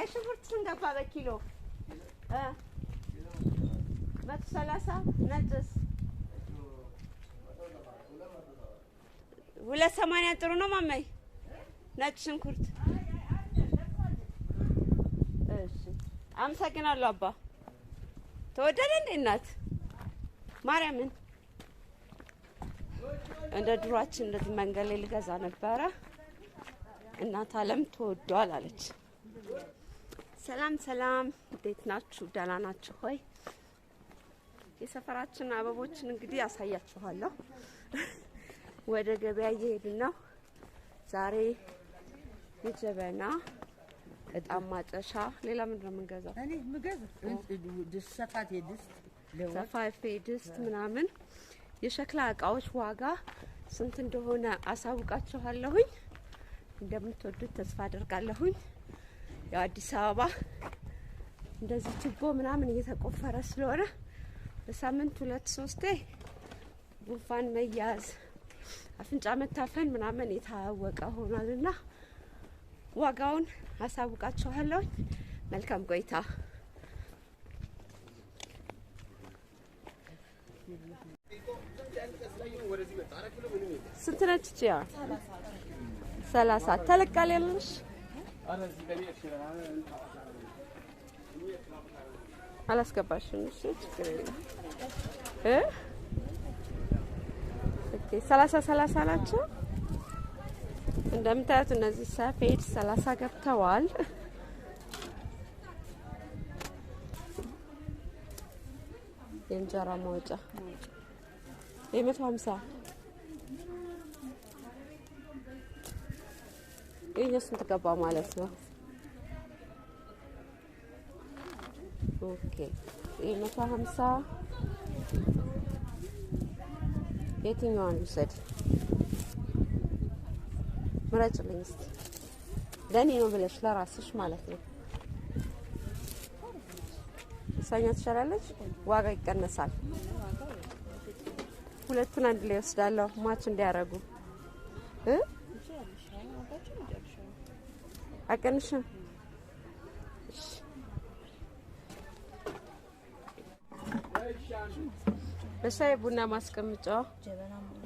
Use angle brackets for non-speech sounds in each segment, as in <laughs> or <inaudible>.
ቀይ ሽንኩርት ስንት ገባ በኪሎ? መቶ ሰላሳ ነጭስ ሁለት ሰማንያ ጥሩ ነው። ማማይ ነጭ ሽንኩርት እሺ። አመሰግናለሁ አባ። ተወደደ እንዴ እናት ማርያምን እንደ ድሯችን እንደዚህ መንገድ ላይ ልገዛ ነበረ። እናት አለም ተወዷል አለች። ሰላም ሰላም፣ እንዴት ናችሁ? ደህና ናችሁ ሆይ? የሰፈራችን አበቦችን እንግዲህ ያሳያችኋለሁ። ወደ ገበያ እየሄድን ነው። ዛሬ የጀበና እጣን ማጨሻ፣ ሌላ ምንድን ነው የምንገዛው? እኔ ሰፋፊ ድስት ምናምን፣ የሸክላ እቃዎች ዋጋ ስንት እንደሆነ አሳውቃችኋለሁኝ። እንደምትወዱት ተስፋ አደርጋለሁኝ። የአዲስ አበባ እንደዚህ ችቦ ምናምን እየተቆፈረ ስለሆነ በሳምንት ሁለት ሶስቴ ጉንፋን መያዝ፣ አፍንጫ መታፈን ምናምን የታወቀ ሆኗልና ዋጋውን አሳውቃችኋለሁ። መልካም ቆይታ። ስንት ነች? ሰላሳ ተለቃል ያለሽ አላስገባሽም። እሺ፣ ችግር የለም። ኦኬ፣ ሰላሳ ሰላሳ ናቸው እንደምታዩት። እነዚህ ሰፌድ ሰላሳ ገብተዋል። የእንጀራ መውጫ የመቶ ሀምሳ የእነሱን ትገባ ማለት ነው። ኦኬ ይህ መቶ ሀምሳ የትኛዋን ውሰድ ምረጭልኝ እስኪ ለእኔ ነው ብለሽ ለራስሽ ማለት ነው። እሳኛ ትሻላለች፣ ዋጋ ይቀነሳል። ሁለቱን አንድ ላይ ወስዳለሁ ማች እንዲያደርጉ አቀንሽም በሻይ ቡና ማስቀምጫዋ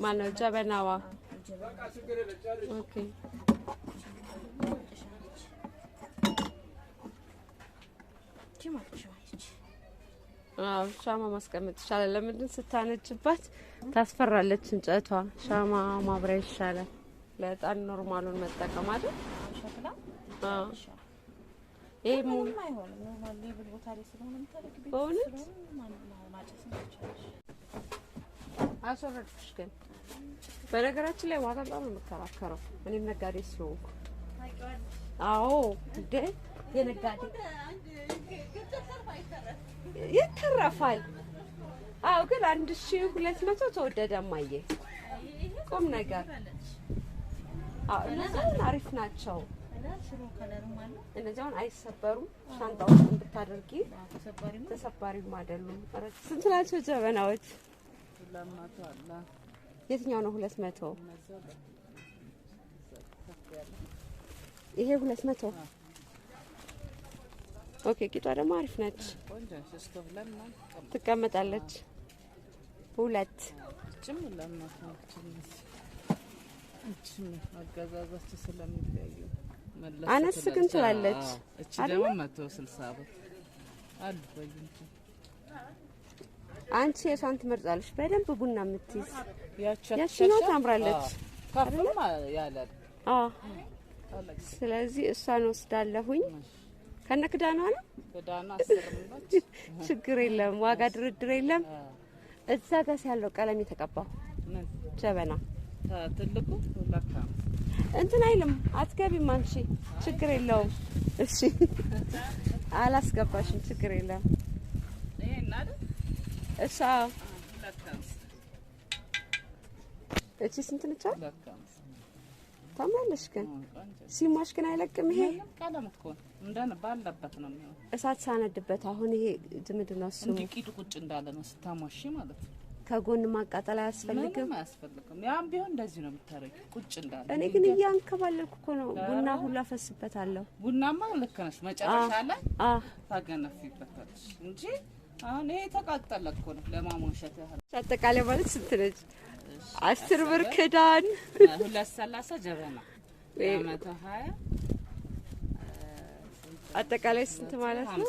ማነው? ጀበናዋ ኦኬ። አዎ ሻማ ማስቀመጥ ይሻላል። ለምንድን ስታነጭባት ታስፈራለች እንጨቷ። ሻማ ማብሪያ ይሻላል። ለእጣን ኖርማሉን መጠቀም አይደል? አስወረድኩሽ። ግን በነገራችን ላይ ዋጋ በጣም ነው የምከራከረው። እኔም ነጋዴ ስለሆንኩ አዎ፣ እንደ የነጋዴ ይተረፋል። አዎ፣ ግን አንድ ሺህ ሁለት መቶ ተወደደ። ማየ ቁም ነገር አሪፍ ናቸው። እነዚያውን አይሰበሩም። ሻንጣ ውስጥ እንድታደርጊ ተሰባሪም አይደሉም። ስንት ናቸው ጀበናዎች? የትኛው ነው ሁለት መቶ ይሄ ሁለት መቶ ኦኬ። ቂጧ ደግሞ አሪፍ ነች፣ ትቀመጣለች። ሁለት አገዛዛቸው ስለሚለያዩ አነስ ግን ትላለች። እቺ ደግሞ መቶ ስልሳ ብር አሉ። አንቺ የሷን ትመርጣለች። በደንብ ቡና የምትይዝ ያቺኛው ታምራለች። ስለዚህ እሷን ወስዳለሁኝ። ከነ ክዳኗ ነው። ችግር የለም፣ ዋጋ ድርድር የለም። እዛ ጋር ያለው ቀለም የተቀባው ጀበና ትልቁ እንትን አይልም አትገቢም አንቺ ችግር የለውም እሺ አላስገባሽም ችግር የለም? እሺ አዎ እቺ ስንት ነች ታማለሽ ግን ሲሟሽ ግን አይለቅም ይሄ ባለበት ነው እሳት ሳነድበት አሁን ይሄ ምንድን ነው እሱ ቂጡ ቁጭ እንዳለ ነው ስታሟሽ ማለት ነው ከጎን ማቃጠል አያስፈልግም። አያስፈልግም ያም ቢሆን እንደዚህ ነው የምታረጊው ቁጭ እንዳለ። እኔ ግን እያንከባለልኩ እኮ ነው። ቡና ሁላ ፈስበታለሁ። ቡናማ ልክ ነሽ፣ መጨረሻ ላይ ታገነፊበታለሽ እንጂ አሁን ይሄ ተቃጠለ እኮ ነው ለማሞሸት ያህል። አጠቃላይ ማለት ስንት ነች? አስር ብር ክዳን፣ ሁለት ሰላሳ ጀበና፣ መቶ ሀያ አጠቃላይ ስንት ማለት ነው?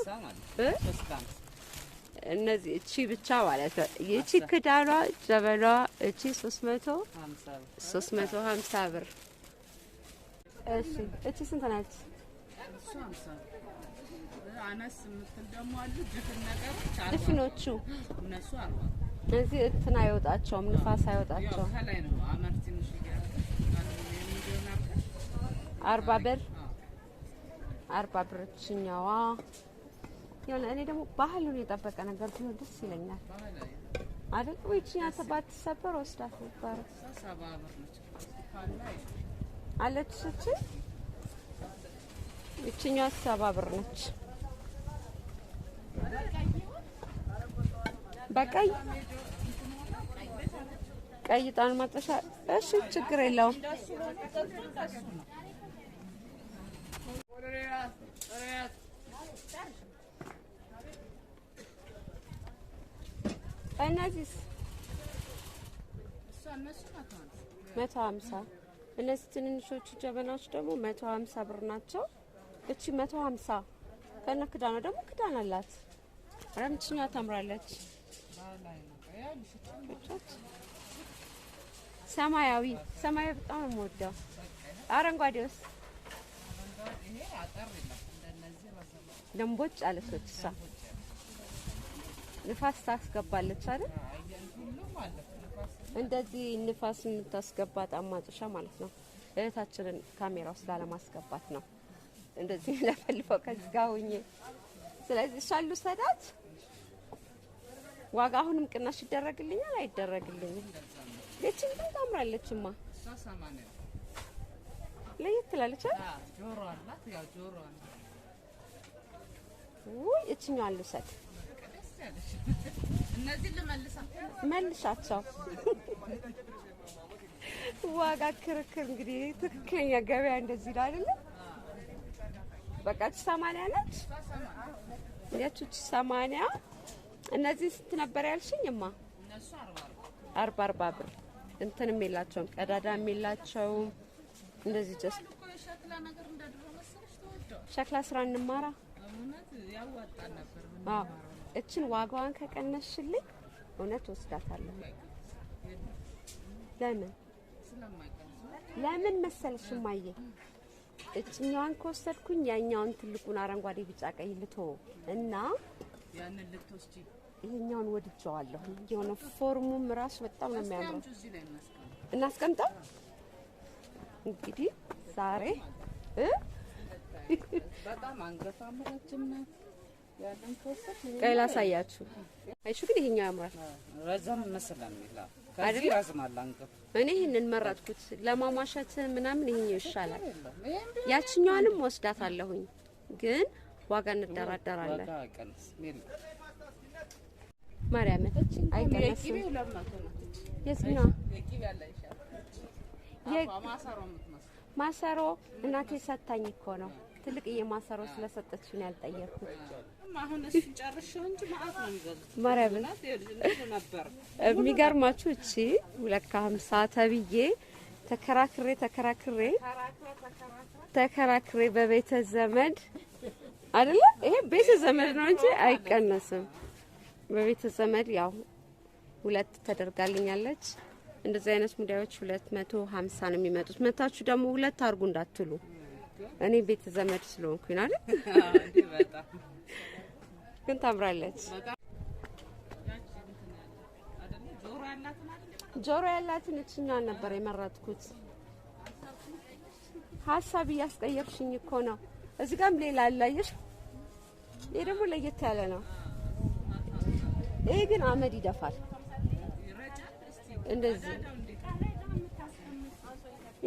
እነዚህ እቺ ብቻ ማለት ነው። ይቺ ክዳኗ ጀበሏ እቺ ሶስት ሶስት መቶ መቶ ሀምሳ ብር። እሺ እቺ ስንት ናት? አነስ ድፍኖቹ እዚህ እንትን አይወጣቸውም፣ ንፋስ አይወጣቸውም። አርባ ብር አርባ ብር እችኛዋ የሆነ እኔ ደግሞ ባህሉን የጠበቀ ነገር ቢሆን ደስ ይለኛል አይደል? ወይችኛ ሰባት ሰበር ወስዳት ነበረ አለች እቺ እቺኛ ሰባ ብር ነች። በቀይ ቀይ ጣን ማጠሻ። እሺ ችግር የለውም። በእነዚህስ መቶ ሀምሳ እነዚህ ትንንሾቹ ጀበናዎች ደግሞ መቶ ሀምሳ ብር ናቸው። እቺ መቶ ሀምሳ ከነ ክዳኗ ደግሞ ክዳን አላት። ረምችኛ ታምራለች። ሰማያዊ ሰማያዊ በጣም ነው የምወደው። አረንጓዴውስ ደንቦች አለሶች እሷ ንፋስ ታስገባለች አይደል? እንደዚህ ንፋስ የምታስገባ ጣማጭሻ ማለት ነው። እህታችንን ካሜራ ውስጥ ላለማስገባት ነው እንደዚህ <laughs> ለፈልፈው ከዚህ ጋር ሆኜ። ስለዚህ ሻሉ ሰዳት ዋጋ አሁንም ቅናሽ ይደረግልኛል አይደረግልኝም? ለችን ግን ታምራለችማ። ለየት ትላለች አይደል? ጆሮ አላት። ያው ጆሮ አላት። ውይ እችኛዋን ልውሰድ መልሳቸው ዋጋ ክርክር እንግዲህ ትክክለኛ ገበያ እንደዚህ ይላል አይደለ? በቃ እች ሰማንያ ነች ያቺ እች ሰማንያ እነዚህ ስንት ነበር ያልሽኝማ? አርባ አርባ ብር እንትንም የላቸውም ቀዳዳም የላቸውም። እንደዚህ ጀስት ሸክላ ስራ እንማራ እችን ዋጋዋን ከቀነሽልኝ እውነት ወስዳታለሁ። ለምን ለምን መሰለሽ ማየ እችኛዋን ከወሰድኩኝ ያኛውን ትልቁን አረንጓዴ፣ ቢጫ፣ ቀይ ልቶ እና ይህኛውን ይሄኛውን ወድጀዋለሁ። የሆነ ፎርሙም ራሱ በጣም ነው የሚያምረው። እናስቀምጠው እንግዲህ ዛሬ በጣም አንገቷም ናት። ቀይ ላሳያችሁ። አይሹ ግን ይሄኛው ያምራል። ረዘም እኔ መረጥኩት ለማሟሸት ምናምን ይሄኛው ይሻላል። ያችኛዋንም ወስዳት አለሁኝ ግን ዋጋ እንደራደራለን። አይቀነስም። ማሰሮ እናቴ ሰታኝ እኮ ነው ትልቅ ማሰሮ ስለሰጠች ነው ያልጠየቅኩት። አሁን እሱን ጨርሼው እንጂ ማአት ነው የሚገዙት። የሚገርማችሁ እቺ ሁለት ከሀምሳ ተብዬ ተከራክሬ ተከራክሬ ተከራክሬ በቤተ ዘመድ አይደለ ይሄ ቤተ ዘመድ ነው እንጂ አይቀነስም። በቤተ ዘመድ ያው ሁለት ተደርጋልኛለች። እንደዚህ አይነት ሙዳዮች ሁለት መቶ ሀምሳ ነው የሚመጡት። መታችሁ ደግሞ ሁለት አርጉ እንዳትሉ እኔ ቤት ዘመድ ስለሆንኩኝ አይደል? ግን ታምራለች። ጆሮ ያላትን እችኛዋን ነበር የመረጥኩት። ሀሳብ እያስቀየርሽኝ እኮ ነው። እዚህ ጋም ሌላ አላየሽ። ይሄ ደግሞ ለየት ያለ ነው። ይሄ ግን አመድ ይደፋል እንደዚህ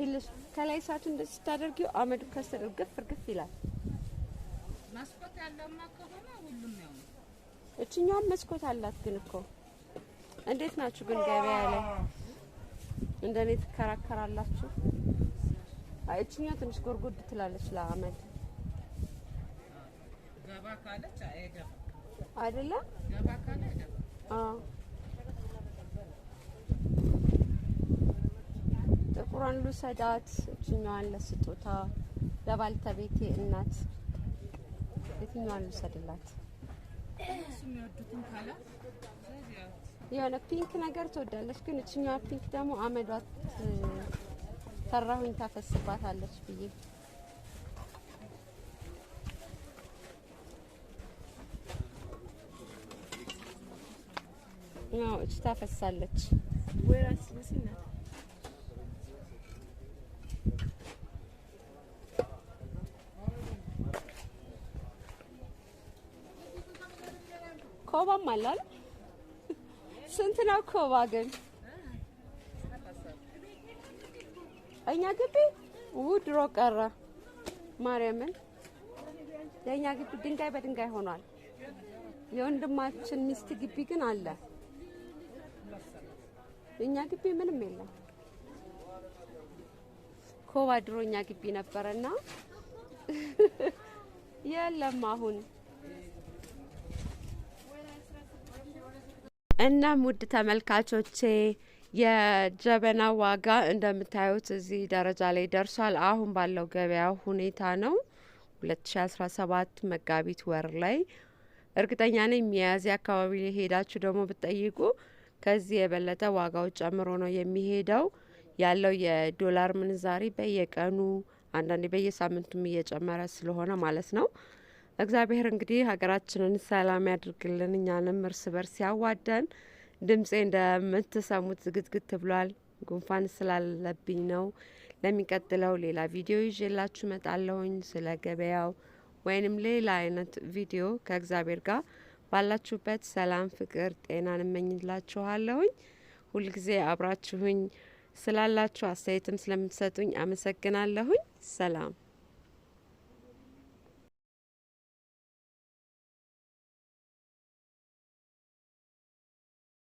ይልሽ ከላይ እሳቱን እንደዚህ ስታደርጊው አመዱ ከስር እርግፍ እርግፍ ይላል። መስኮት ያለውማ ከሆነ ሁሉም ያው ነው። እችኛውም መስኮት አላት ግን እኮ እንዴት ናችሁ ግን ገበያ ላይ እንደኔ ትከራከራላችሁ? አይ እችኛው ትንሽ ጎርጎድ ትላለች ለአመድ ገባ ካለች አይደለም ገባ ካለ አይደለም ጥቁሯን ልውሰዳት፣ እችኛዋን ለስጦታ ቤቴ እናት። የትኛዋን ልውሰድላት? የሆነ ፒንክ ነገር ትወዳለች፣ ግን እችኛዋ ፒንክ ደግሞ አመዷት ሰራሁኝ ታፈስባታለች ብዬ ነው። እች ታፈሳለች። ኮባም አላል? ስንት ነው ኮባ ግን? እኛ ግቢ ው ድሮ ቀረ። ማርያምን የእኛ ግቢ ድንጋይ በድንጋይ ሆኗል። የወንድማችን ሚስት ግቢ ግን አለ። የእኛ ግቢ ምንም የለም። ኮባ ድሮ እኛ ግቢ ነበረና <laughs> የለም አሁን እናም ውድ ተመልካቾቼ የጀበና ዋጋ እንደምታዩት እዚህ ደረጃ ላይ ደርሷል። አሁን ባለው ገበያ ሁኔታ ነው። 2017 መጋቢት ወር ላይ እርግጠኛ ነኝ ሚያዝያ አካባቢ ሄዳችሁ ደግሞ ብትጠይቁ ከዚህ የበለጠ ዋጋው ጨምሮ ነው የሚሄደው። ያለው የዶላር ምንዛሪ በየቀኑ አንዳንዴ በየሳምንቱም እየጨመረ ስለሆነ ማለት ነው እግዚአብሔር እንግዲህ ሀገራችንን ሰላም ያድርግልን፣ እኛንም እርስ በርስ ያዋደን። ድምጼ እንደምትሰሙት ዝግዝግት ብሏል፣ ጉንፋን ስላለብኝ ነው። ለሚቀጥለው ሌላ ቪዲዮ ይዤላችሁ መጣለሁኝ። ስለ ገበያው ወይንም ሌላ አይነት ቪዲዮ ከእግዚአብሔር ጋር ባላችሁበት ሰላም፣ ፍቅር፣ ጤናን እመኝላችኋለሁኝ። ሁልጊዜ አብራችሁኝ ስላላችሁ አስተያየትም ስለምትሰጡኝ አመሰግናለሁኝ። ሰላም